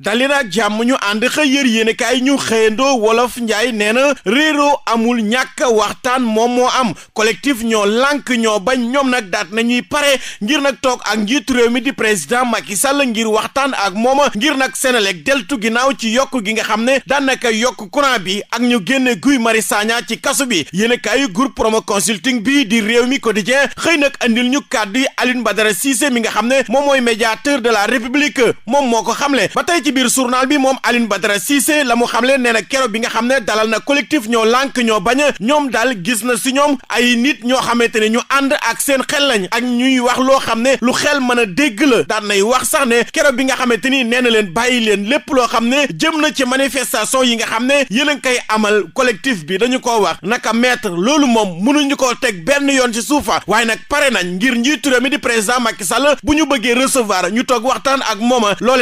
dali nag jàmm ñu ànd xëy yër yéen kaay ñu xëyandoo wolof njaay nee na réeroo amul ñàkk waxtaan moom moo am collectif ñoo lànk ñoo bañ ñoom nag daat nañuy pare ngir nag toog ak njiitu réew mi di président Macky Sall ngir waxtaan ak mooma ngir nag Senelec deltu ginnaaw ci yokk gi nga xam ne daanaka yokk courant bi ak ñu génne Guy mari Sagna ci kasu bi yéen kaay groupe promo consulting bi di réew mi quotidien xëy nag andil ñu kàddu yi Alioune Badara Cissé mi nga xam ne moom mooy médiateur de la république moom moo ko xamle ci biir journal bi moom Alioune Badara Cissé la mu xamle nee na keroog bi nga xam ne dalal na collectif ñoo lànk ñoo bañ a ñoom daal gis na si ñoom ay nit ñoo xamante ne ñu ànd ak seen xel lañ ak ñuy wax loo xam ne lu xel mën a dégg la daan nay wax sax ne keroog bi nga xamante ni nee na leen bàyyi leen lépp loo xam ne jëm na ci manifestation yi nga xam ne yéen a koy amal collectif bi dañu ko wax naka maître loolu moom mënuñu ko teg benn yoon ci suufa waaye nag pare nañ ngir njiitu réew mi di président Macky Sall bu ñu bëggee recevoir ñu toog waxtaan ak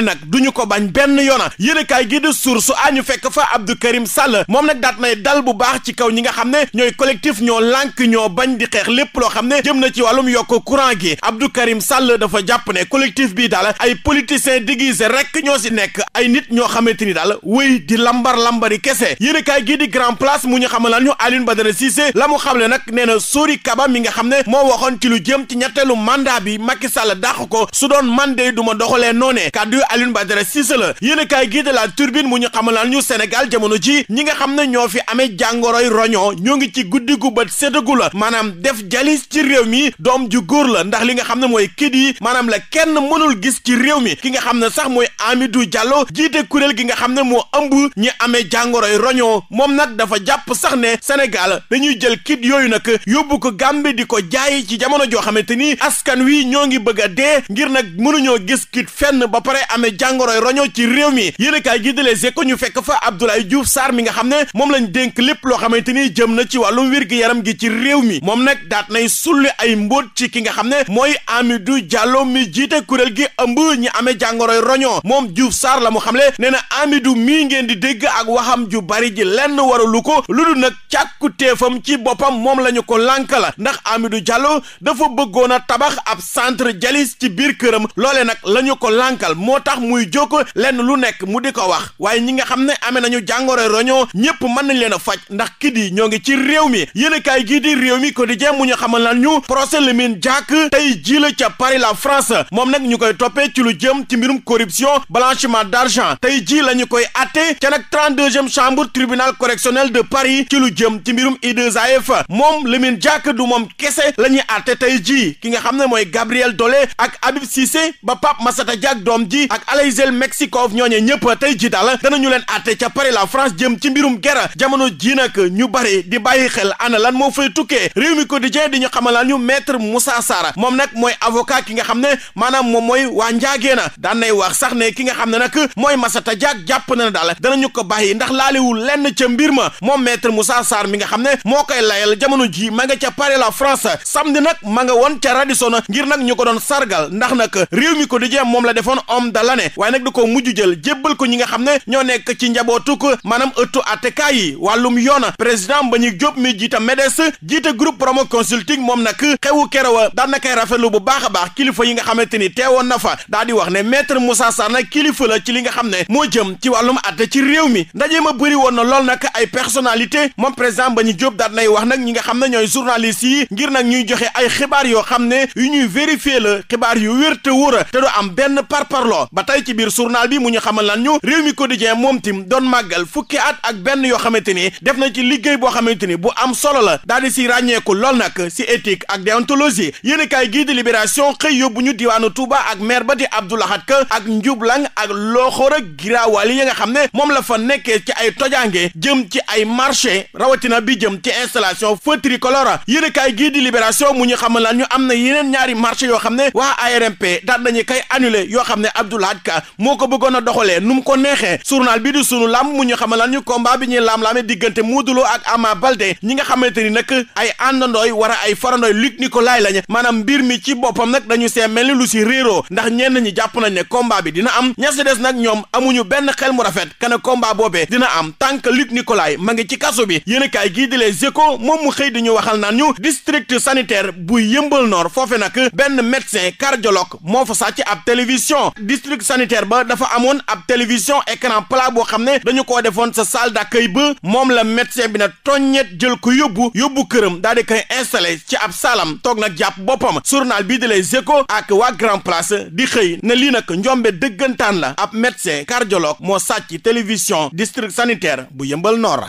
nag benn yoona yéen a kaay gi di source añu fekk fa Abdou Karim Sall moom nag daat nay dal bu baax ci kaw ñi nga xam ne ñooy collectif ñoo lànk ñoo bañ di xeex lépp loo xam ne jëm na ci wàllum yokk courant gi Abdou Karim Sall dafa jàpp ne collectif bii daal ay politiciens déguisés rek ñoo si nekk ay nit ñoo xamante ni daal wéy di lambar lambari kese yéen a kaay gii di grand place mu ñu xamalaan ñu Alioune Badara Cissé la mu xamle nag nee na Sori Kaba mi nga xam ne moo waxoon ci lu jëm ci ñetteelu mandat bi Macky Sall dàq ko su doon man de du doxalee noonee kàddu Alioune Badara la yéen a kaay gii de la turbine mu ñu xamalaan ñu Sénégal jamono ji ñi nga xam ne ñoo fi amee jàngoroy roño ñoo ngi ci guddi gu bët séddagu maanaam def jalis ci réew mi doom ju góor la ndax li nga xam ne mooy kid yi maanaam la kenn mënul gis ci réew mi ki nga xam ne sax mooy Amidou Diallo jiite kuréel gi nga xam ne moo ëmb ñi amee jàngoroy roño moom nag dafa jàpp sax ne Sénégal dañuy jël kid yooyu nag yóbbu ko Gambie di ko jaay ci jamono joo xamante ni askan wi ñoo ngi bëgg a dee ngir nag mënuñoo gis kit fenn ba pare amee jàngoroy roño ci réew mi yéenekaay gi di Les Échos ñu fekk fa Abdoulaye Diouf Sarr mi nga xam ne moom lañ dénk lépp loo xamante ni jëm na ci wàllum wér-gi-yaram gi ci réew mi moom nag daat nay sulli ay mbóot ci ki nga xam ne mooy Amidou Diallo mi jiite kuréel gi ëmb ñi amee jàngoroy roñoo moom Diouf saar la moo xam le nee na du mii ngeen di dégg ak waxam ju bari ji lenn waralu ko lu dul nag càkku teefam ci boppam moom la ñu ko lànk la ndax Amidou Diallo dafa bëggoon a tabax ab centre jalis ci biir këram loole nag la ñu ko lànkal moo tax muy jóg lenn lu nekk mu di ko wax waaye ñi nga xam ne amee nañu jàngoro roñoo ñëpp mën nañ leen a faj ndax kii di ñoo ngi ci réew mi yéenekaay gii di réew mi quotidien mu ñu xamal lan ñu procès Lamine Diack tey jii la ca Paris la France moom nag ñu koy toppee ci lu jëm ci mbirum corruption blanchiment d'argent tey jii la ñu koy atte ca nag 32e chambre tribunal correctionnel de Paris ci lu jëm ci mbirum IAAF moom Lamine Diack du moom kese la ñuy atte tey jii ki nga xam ne mooy Gabriel Dollé ak Habib Cissé ba Pape Massata Diack doom ji ak Alayzel Mexique Sikof ñooñe ñëpp tey ji daal danañu leen àtte ca Paris la France jëm ci mbirum gera jamono ji nag ñu bari di bàyyi xel ana lan moo fay tukkee réew mi ko di ñu xamalal ñu maître Moussa Sarr moom nag mooy avocat ki nga xam ne maanaam moom mooy waa njaageena daan nay wax sax ne ki nga xam ne nag mooy Massata Diack jàpp na ne dana ñu ko bàyyi ndax laaliwul lenn ca mbir ma moom maître Moussa Sarr mi nga xam ne moo koy layal jamono jii ma nga ca Paris la sam samedi nag ma nga woon ca Radisson ngir nag ñu ko doon sargal ndax nag réew mi quotidien moom la defoon homme de l'année mujj jël jébbal ko ñi nga xam ne ñoo nekk ci njabootuk maanaam ëttu attekaay yi wàllum yoona président Mbagnick Diop mi jiite MEDES jiite groupe promo consulting moom nag xewu kerowa daan na koy rafetlu bu baax a baax kilifa yi nga xamante ni teewoon na fa daa di wax ne maître Moussa Sarr nag kilifa la ci li nga xam ne moo jëm ci wàllum atte ci mi ndaje ma bëri woon na lool nag ay personnalité moom président Mbagnick Diop daan nay wax nag ñi nga xam ne ñooy journaliste yi ngir nag ñuy joxe ay xibaar yoo xam ne yu ñuy vérifier la xibaar yu wér te wóor te du am benn parparloo ba tey ci biir journal journal bi mu ñu xamal lan ñu réew mi quotidien moom tim doon màggal fukki at ak benn yoo xamante ni def na ci liggéey boo xamante ni bu am solo la daal di si ràññeeku lool nag si éthique ak déontologie yéen i kaay gii di libération xëy yóbbu ñu diwaanu Touba ak maire ba di Abdou Lahad Ka ak njublang ak looxoor ak giraawaal yi nga xam ne moom la fa nekkee ci ay tojange jëm ci ay marché rawatina bi jëm ci installation feu tricolore yéen libération mu ñu xamal lan ñu am na yeneen ñaari marché yoo xam ne waa ARMP daal nañu kay annulé yoo xam ne Abdou bëggoon a doxalee nu mu ko neexee journal bi di sunu lam mu ñu xamal lan ñu combat bi ñuy laam-laame diggante Modou Lo ak Ama Baldé ñi nga xamante ni nag ay àndandooy war a ay farandooy Luc Nicolaï lañ maanaam mbir mi ci boppam nag dañu see mel ni lu si réeroo ndax ñenn ñi jàpp nañ ne combat bi dina am ña si des nag ñoom amuñu benn xel mu rafet kana combat boobee dina am tant que Luc Nicolaï ma ngi ci kaso bi yéen a kaay gii di Les Échos moom mu xëy di ñu waxal naan ñu district sanitaire bu Yeumbeul Nord foofe nag benn médecin cardiologue moo fa sàcc ab télévision district sanitaire ba amoon ab télévision écran plat boo xam ne dañu koo defoon sa salle d'accueil ba moom la médecin bi na toññet jël ko yóbbu yóbbu këram daal di koy installé ci ab saalam toog nag jàpp boppam journal bii di Les Échos ak waa Grand Place di xëy ne lii nag njombe dëggantaan la ab médecin cardiologue moo sàcc télévision district sanitaire bu yëmbal noor